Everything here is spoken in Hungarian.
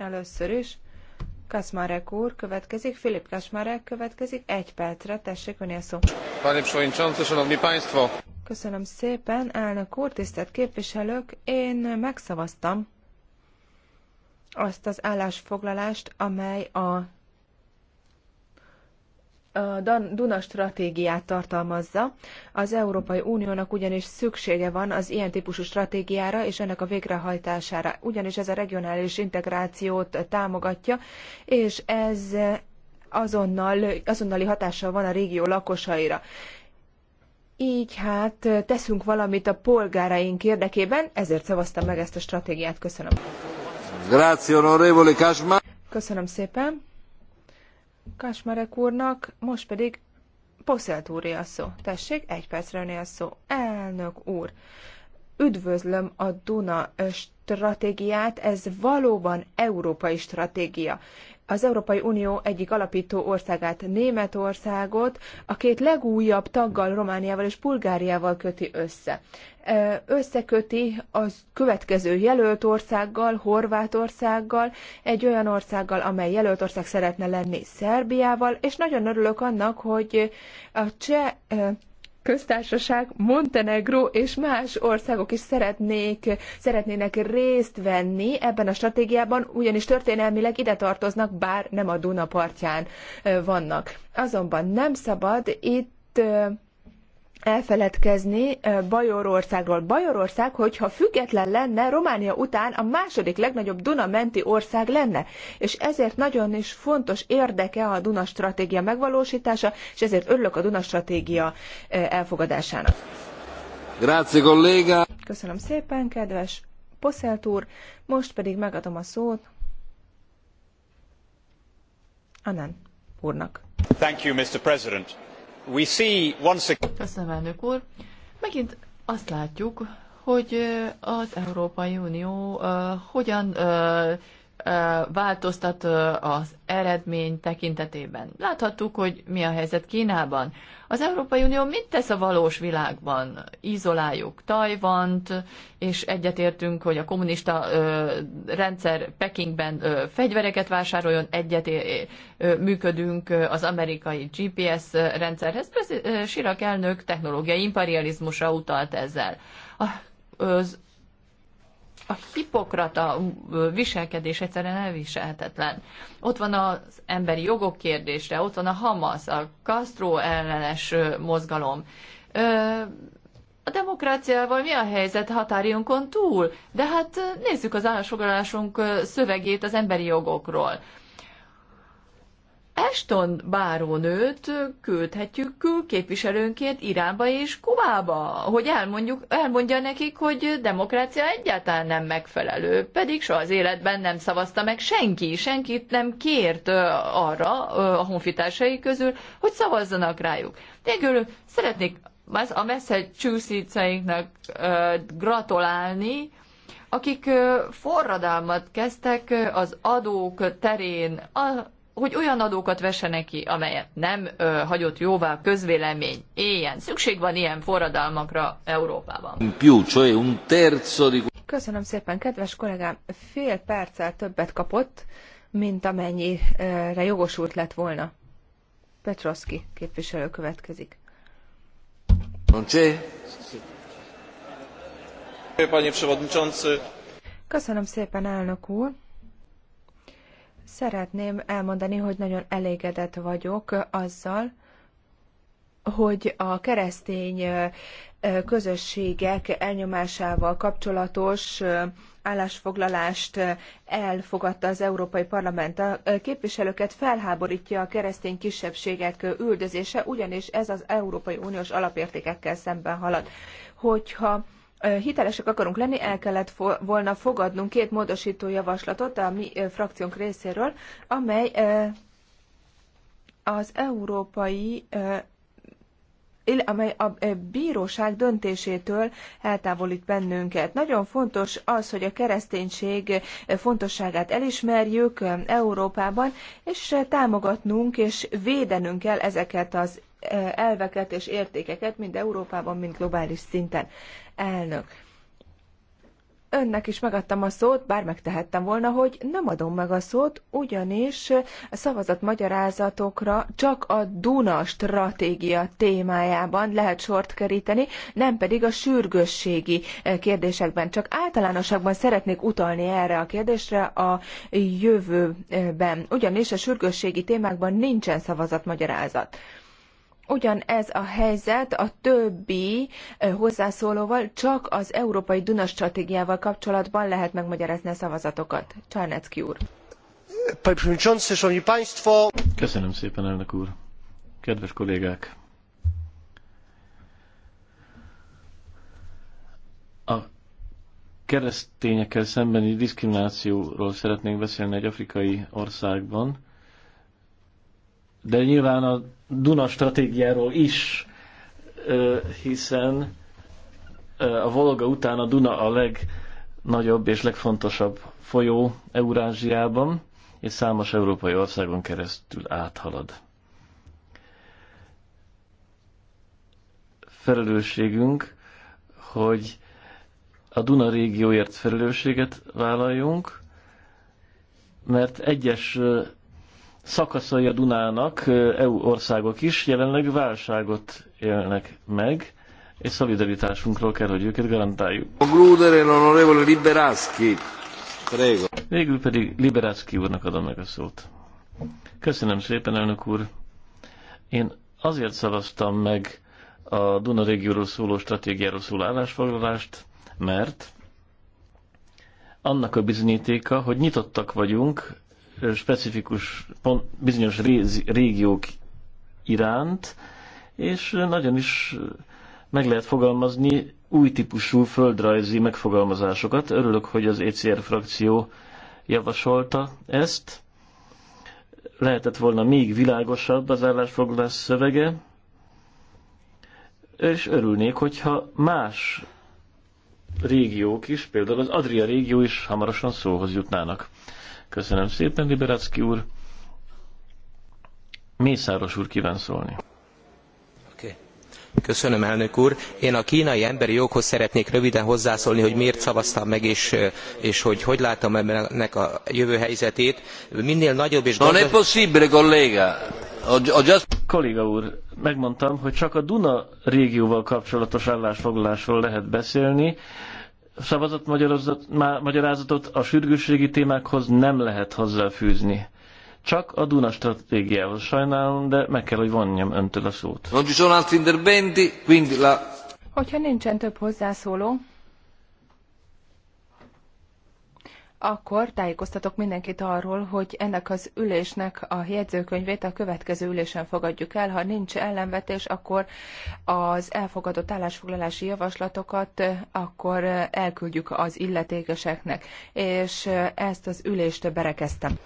Először is Kaszmarek úr következik, Filip Kaszmarek következik, egy percre, tessék önél szó. Panie Przewodniczący, Szanowni Köszönöm szépen, elnök úr, tisztelt képviselők, én megszavaztam azt az állásfoglalást, amely a a Duna stratégiát tartalmazza. Az Európai Uniónak ugyanis szüksége van az ilyen típusú stratégiára és ennek a végrehajtására, ugyanis ez a regionális integrációt támogatja, és ez azonnal, azonnali hatással van a régió lakosaira. Így hát teszünk valamit a polgáraink érdekében, ezért szavaztam meg ezt a stratégiát. Köszönöm. onorevole Köszönöm szépen. Kasmarek úrnak, most pedig Poszelt úré a szó. Tessék, egy percre öné a szó. Elnök úr, üdvözlöm a Duna stratégiát, ez valóban európai stratégia az Európai Unió egyik alapító országát, Németországot, a két legújabb taggal, Romániával és Bulgáriával köti össze. Összeköti az következő jelölt országgal, Horvátországgal, egy olyan országgal, amely jelölt ország szeretne lenni Szerbiával, és nagyon örülök annak, hogy a cseh köztársaság, Montenegro és más országok is szeretnék, szeretnének részt venni ebben a stratégiában, ugyanis történelmileg ide tartoznak, bár nem a Duna partján vannak. Azonban nem szabad itt elfeledkezni Bajorországról. Bajorország, hogyha független lenne, Románia után a második legnagyobb Duna menti ország lenne. És ezért nagyon is fontos érdeke a Duna stratégia megvalósítása, és ezért örülök a Duna stratégia elfogadásának. Grazie, kolléga! Köszönöm szépen, kedves Poszelt úr. Most pedig megadom a szót Anan úrnak. Thank you, Mr. President we see Köszönöm, elnök úr. Megint azt látjuk, hogy az Európai Unió uh, hogyan uh, változtat az eredmény tekintetében. Láthattuk, hogy mi a helyzet Kínában. Az Európai Unió mit tesz a valós világban? Izoláljuk Tajvant, és egyetértünk, hogy a kommunista rendszer Pekingben fegyvereket vásároljon, egyet működünk az amerikai GPS rendszerhez. Sirak elnök technológiai imperializmusra utalt ezzel. Az a hipokrata viselkedés egyszerűen elviselhetetlen. Ott van az emberi jogok kérdése, ott van a Hamas, a Castro ellenes mozgalom. A demokráciával mi a helyzet határionkon túl? De hát nézzük az állásfoglalásunk szövegét az emberi jogokról. Eston bárónőt küldhetjük külképviselőnként Iránba és Kubába, hogy elmondjuk, elmondja nekik, hogy demokrácia egyáltalán nem megfelelő, pedig soha az életben nem szavazta meg senki, senkit nem kért arra a honfitársai közül, hogy szavazzanak rájuk. Végül szeretnék a Massachusettsainknak gratulálni, akik forradalmat kezdtek az adók terén, hogy olyan adókat vessenek ki, amelyet nem ö, hagyott jóvá a közvélemény. Éljen. Szükség van ilyen forradalmakra Európában. Köszönöm szépen, kedves kollégám. Fél perccel többet kapott, mint amennyire jogosult lett volna. Petroszki képviselő következik. Köszönöm szépen, elnök úr. Szeretném elmondani, hogy nagyon elégedett vagyok azzal, hogy a keresztény közösségek elnyomásával kapcsolatos állásfoglalást elfogadta az Európai Parlament. A képviselőket felháborítja a keresztény kisebbségek üldözése, ugyanis ez az Európai Uniós alapértékekkel szemben halad. Hogyha hitelesek akarunk lenni, el kellett volna fogadnunk két módosító javaslatot a mi frakciónk részéről, amely az európai amely a bíróság döntésétől eltávolít bennünket. Nagyon fontos az, hogy a kereszténység fontosságát elismerjük Európában, és támogatnunk és védenünk kell ezeket az elveket és értékeket, mind Európában, mind globális szinten. Elnök, önnek is megadtam a szót, bár megtehettem volna, hogy nem adom meg a szót, ugyanis a szavazat magyarázatokra csak a Duna stratégia témájában lehet sort keríteni, nem pedig a sürgősségi eh, kérdésekben. Csak általánosakban szeretnék utalni erre a kérdésre a jövőben, ugyanis a sürgősségi témákban nincsen szavazat magyarázat ugyanez a helyzet a többi hozzászólóval, csak az Európai Duna stratégiával kapcsolatban lehet megmagyarázni a szavazatokat. Csarnecki úr. Köszönöm szépen, elnök úr. Kedves kollégák! A keresztényekkel szembeni diszkriminációról szeretnénk beszélni egy afrikai országban, de nyilván a Duna stratégiáról is, hiszen a Volga után a Duna a legnagyobb és legfontosabb folyó Eurázsiában, és számos európai országon keresztül áthalad. Felelősségünk, hogy a Duna régióért felelősséget vállaljunk, mert egyes szakaszai a Dunának, EU országok is jelenleg válságot élnek meg, és szolidaritásunkról kell, hogy őket garantáljuk. Concludere Liberászki. Végül pedig Liberászki úrnak adom meg a szót. Köszönöm szépen, elnök úr. Én azért szavaztam meg a Duna régióról szóló stratégiáról szóló állásfoglalást, mert annak a bizonyítéka, hogy nyitottak vagyunk specifikus pont, bizonyos régiók iránt, és nagyon is meg lehet fogalmazni új típusú földrajzi megfogalmazásokat. Örülök, hogy az ECR frakció javasolta ezt. Lehetett volna még világosabb az állásfoglalás szövege, és örülnék, hogyha más régiók is, például az Adria régió is hamarosan szóhoz jutnának. Köszönöm szépen, Liberacki úr. Mészáros úr kíván szólni. Köszönöm, elnök úr. Én a kínai emberi joghoz szeretnék röviden hozzászólni, hogy miért szavaztam meg, és, és hogy hogy látom ennek a jövő helyzetét. Minél nagyobb és... Non è possibile, collega. O just... Kolléga úr, megmondtam, hogy csak a Duna régióval kapcsolatos állásfoglalásról lehet beszélni szavazatmagyarázatot a sürgősségi témákhoz nem lehet hozzáfűzni. Csak a Duna stratégiához sajnálom, de meg kell, hogy vonjam öntől a szót. Non ci sono altri interventi, quindi la... Hogyha nincsen több hozzászóló, akkor tájékoztatok mindenkit arról, hogy ennek az ülésnek a jegyzőkönyvét a következő ülésen fogadjuk el. Ha nincs ellenvetés, akkor az elfogadott állásfoglalási javaslatokat eh, akkor eh, elküldjük az illetékeseknek, és eh, ezt az ülést berekeztem.